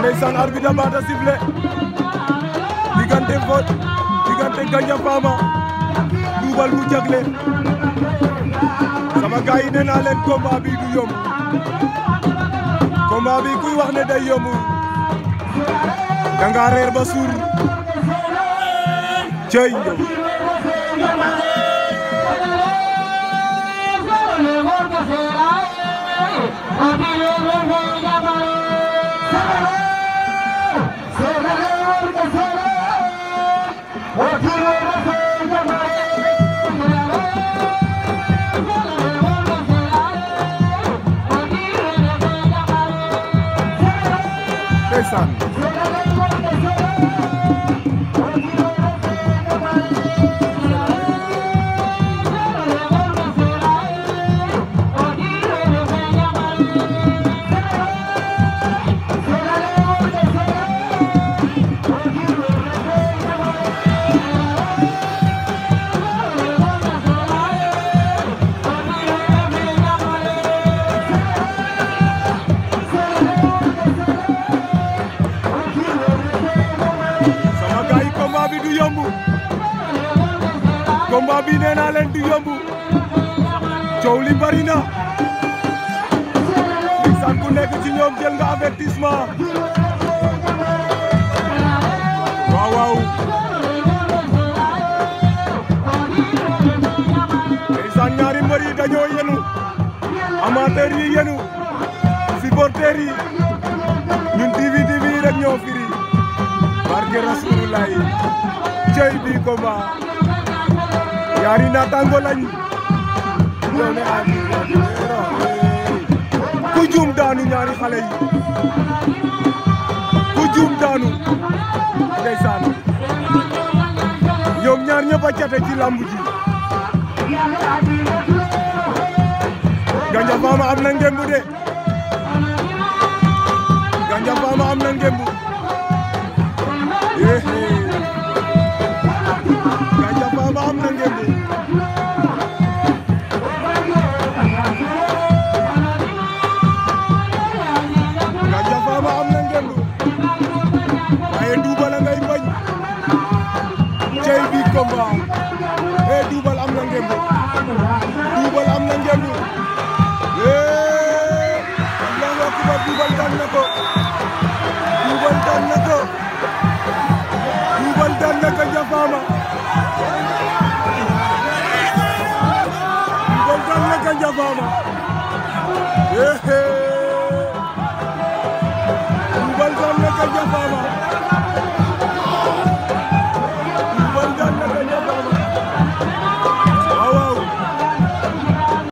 ndeysaan arbitre da baata sifflé diggante Mbodj diggante Gandia Fama duubal bu jagle sama gaay yi naa leen combat du yomb combat kuy wax ne day yomb danga reer ba suur cey Ndeysaan combat bi nee naa coow li bari na ndeysaan ku ci ñoom jël nga avertissement waaw waaw ndeysaan ñaari mbër yi dañoo yenu amateur yi ñun TV TV rek ñoo firi barke Rasulullah yi cey bi combat yaari naataango lañ ku juum daanu ñaari xale yi ku juum daanu ndeysaan ñoom ñaar ñëpp a cate ci làmb ji Gandia Fama am na ngemb de waaye duubal a ngay bañ tey bii combat eh duubal am na ngemb duubal am na ngemb eh lan la ko duubal daan na ko duubal daan na ko duubal daan na ko jafaama duubal daan